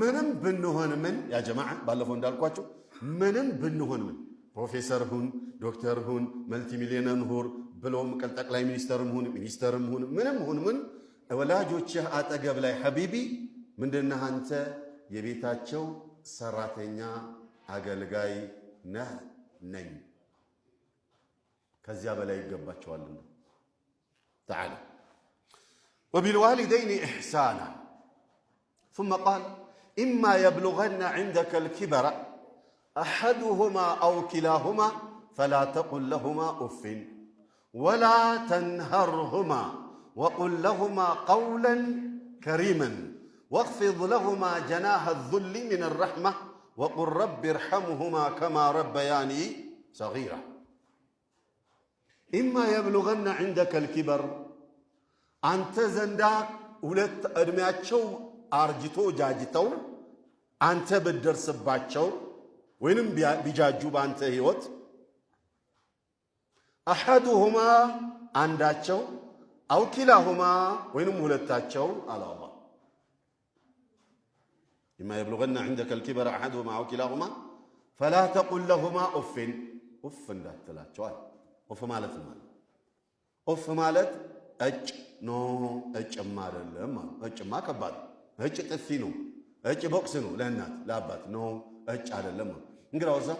ምንም ብንሆን ምን ያ ጀማዓ ባለፈው እንዳልኳቸው ምንም ብንሆን ምን ፕሮፌሰር ሁን ዶክተር ሁን መልቲሚሊዮነር ሁን ብሎም ቀል ጠቅላይ ሚኒስተርም ሁን ሚኒስተርም ሁን ምንም ሁን ምን ወላጆችህ አጠገብ ላይ ሐቢቢ ምንድነህ አንተ የቤታቸው ሰራተኛ አገልጋይ ነህ ነኝ። ከዚያ በላይ ይገባቸዋልና ተዓላ ወቢልዋሊደይን ኢሕሳና ثم قال إما يبلغن عندك الكبر أحدهما أو كلاهما فلا تقل لهما أف ولا تنهرهما وقل لهما قولا كريما واخفض لهما جناح الذل من الرحمة وقل رب ارحمهما كما ربياني صغيرة إما يبلغن عندك الكبر أنت زندا ولت እድሜያቸው አርጅቶ ጃጅተው አንተ ብደርስባቸው ወይንም ቢጃጁ በአንተ ህይወት አሐዱሁማ አንዳቸው አው ኪላሁማ ወይንም ሁለታቸው አለ አላህ ኢማ የብሉገና ዐንደከ ልኪበር አሐዱሁማ አው ኪላሁማ ፈላ ተቁል ለሁማ ኡፍን ኡፍ እንዳትላቸዋል። ኡፍ ማለት ማለት ኡፍ ማለት እጭ ኖ እጭማ አይደለም። እጭማ ከባድ እጭ ጥፊ ነው፣ እጭ ቦቅስ ነው። ለእናት ለአባት ነው፣ እጭ አይደለም እንግዲህ አውዛ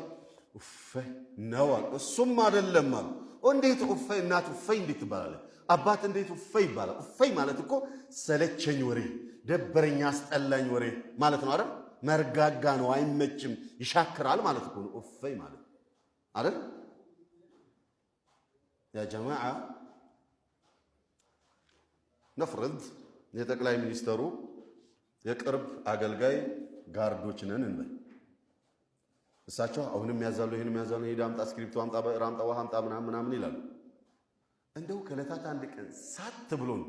እፈይ ነው አሉ። እሱም አይደለም አሉ። እንዴት እፈይ? እናት እፈይ እንዴት ትባላለህ? አባት እንዴት እፈይ ይባላል? ውፈይ ማለት እኮ ሰለቸኝ ወሬ፣ ደበረኝ አስጠላኝ ወሬ ማለት ነው አይደል? መርጋጋ ነው፣ አይመችም፣ ይሻክራል ማለት እኮ ነው ማለት አይደል? ያ ጀማዓ ነፍርድ የጠቅላይ ሚኒስተሩ የቅርብ አገልጋይ ጋርዶች ነን እንበል። እሳቸው አሁንም ያዛሉ፣ ይህንም ያዛሉ። ሄዳ አምጣ፣ እስክሪፕቶ አምጣ፣ ብዕር ውሃ አምጣ ምናምን ምናምን ይላሉ። እንደው ከዕለታት አንድ ቀን ሳት ብሎን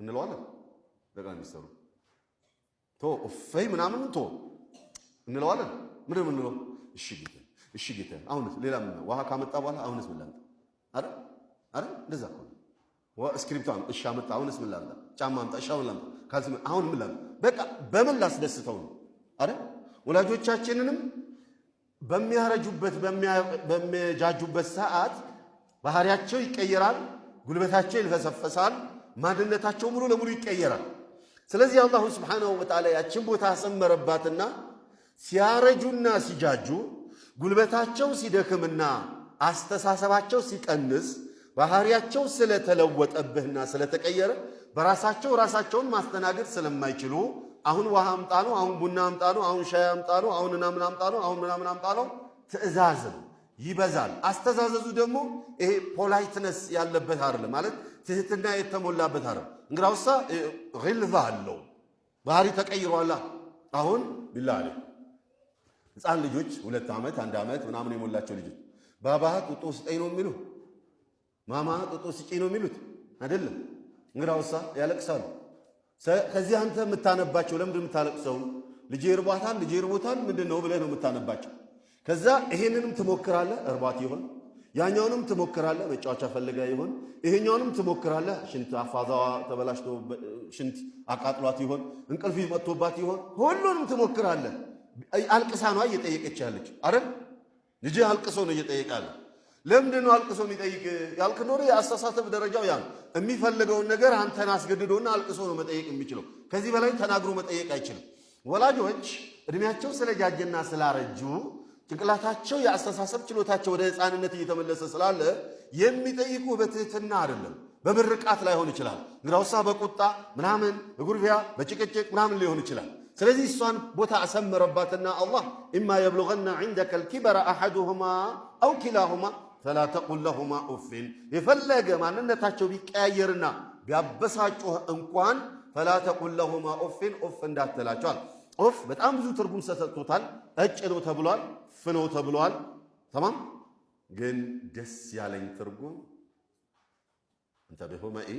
እንለዋለን ጠቅላይ ሚኒስትሩ ቶ እፈይ ምናምን ቶ እንለዋለን። ምንድን የምንለው? እሺ ጌታ፣ እሺ ጌታ። አሁንስ ሌላ ምን ውሃ ካመጣ በኋላ አሁንስ ምን ላምጣ? አረ አረ እንደዛ እኮ ነው። እሺ አመጣ፣ አሁንስ ምን ላምጣ? ጫማ አምጣ፣ እሺ አሁን ላምጣ ካልሲ አሁን ምን በቃ በምን ላስደስተው ነው አረ ወላጆቻችንንም በሚያረጁበት በሚያጃጁበት ሰዓት ባህሪያቸው ይቀየራል፣ ጉልበታቸው ይልፈሰፈሳል፣ ማንነታቸው ሙሉ ለሙሉ ይቀየራል። ስለዚህ አላሁ ስብሓነሁ ወተዓላ ያችን ቦታ አሰመረባትና ሲያረጁና ሲጃጁ ጉልበታቸው ሲደክምና አስተሳሰባቸው ሲቀንስ ባህሪያቸው ስለተለወጠብህና ስለተቀየረ በራሳቸው ራሳቸውን ማስተናገድ ስለማይችሉ አሁን ውሃ አምጣ ነው፣ አሁን ቡና አምጣ ነው፣ አሁን ሻይ አምጣ ነው፣ አሁን ምናምን አምጣ ነው፣ አሁን ምናምን አምጣ ነው። ትእዛዝ ነው። ይበዛል። አስተዛዘዙ ደግሞ ይሄ ፖላይትነስ ያለበት አይደለም፣ ማለት ትህትና የተሞላበት አይደለም። እንግዳውሳ ልቫ አለው ባህሪ ተቀይሯላ። አሁን ቢላ አለ ህፃን ልጆች ሁለት ዓመት አንድ ዓመት ምናምን የሞላቸው ልጆች ባባህ ቁጡ ውስጠኝ ነው የሚሉ ማማ ጡጦ ስጪ ነው የሚሉት አይደለም። እንግዳውሳ ያለቅሳሉ። ከዚህ አንተ የምታነባቸው ለምንድን የምታለቅሰው? ልጄ እርቧታል፣ ልጄ እርቦታል ምንድን ነው ብለህ ነው የምታነባቸው። ከዛ ይሄንንም ትሞክራለህ፣ እርባት ይሆን ያኛውንም ትሞክራለህ፣ መጫወቻ ፈልጋ ይሆን ይሄኛውንም ትሞክራለህ፣ ሽንት አፋዛዋ ተበላሽቶ ሽንት አቃጥሏት ይሆን እንቅልፍ መጥቶባት ይሆን ሁሉንም ትሞክራለህ። አልቅሳ ነዋ እየጠየቀች ያለች አረ ልጅ አልቅሶ ነው እየጠየቃለህ ለምንድን ነው አልቅሶ የሚጠይቅ ያልክ እንደሆነ የአስተሳሰብ ደረጃው ያ የሚፈልገውን ነገር አንተን አስገድዶና አልቅሶ ነው መጠየቅ የሚችለው። ከዚህ በላይ ተናግሮ መጠየቅ አይችልም። ወላጆች እድሜያቸው ስለጃጀና ስላረጁ ጭንቅላታቸው የአስተሳሰብ ችሎታቸው ወደ ህፃንነት እየተመለሰ ስላለ የሚጠይቁ በትህትና አይደለም፣ በምርቃት ላይሆን ይችላል። እንግዳውሳ በቁጣ ምናምን በጉርፊያ በጭቅጭቅ ምናምን ሊሆን ይችላል። ስለዚህ እሷን ቦታ አሰመረባትና አላህ ኢማ የብሉገና ዒንደከ ልኪበረ አሐዱሁማ አው ኪላሁማ ፈላ ተቁል ለሁማ ኡፍን የፈለገ ማንነታቸው ቢቀያየርና ቢያበሳጩህ እንኳን ፈላ ተቁል ለሁማ ኡፍን ኡፍ እንዳትላቸዋል። ኡፍ በጣም ብዙ ትርጉም ሰሰጥቶታል። እጭ ነው ተብሏል፣ ፍ ነው ተብሏል። ተማም ግን ደስ ያለኝ ትርጉም እንተ ቢሁመኢ